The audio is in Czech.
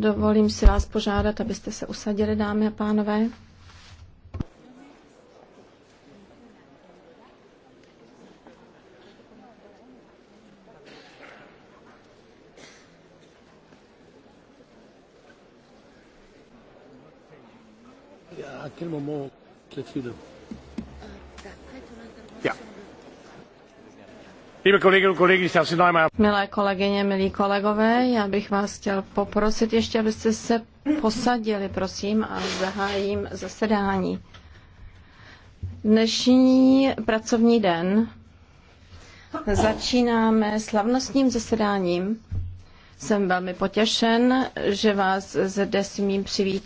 Dovolím si vás požádat, abyste se usadili, dámy a pánové. À quel moment, Clotilde Milé kolegyně, milí kolegové, já bych vás chtěl poprosit ještě, abyste se posadili, prosím, a zahájím zasedání. Dnešní pracovní den začínáme slavnostním zasedáním. Jsem velmi potěšen, že vás zde smím přivítat.